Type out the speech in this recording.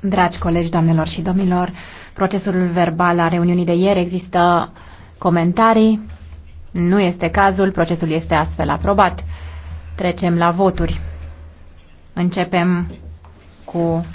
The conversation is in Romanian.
Dragi colegi, doamnelor și domnilor, procesul verbal a reuniunii de ieri există comentarii. Nu este cazul, procesul este astfel aprobat. Trecem la voturi. Începem cu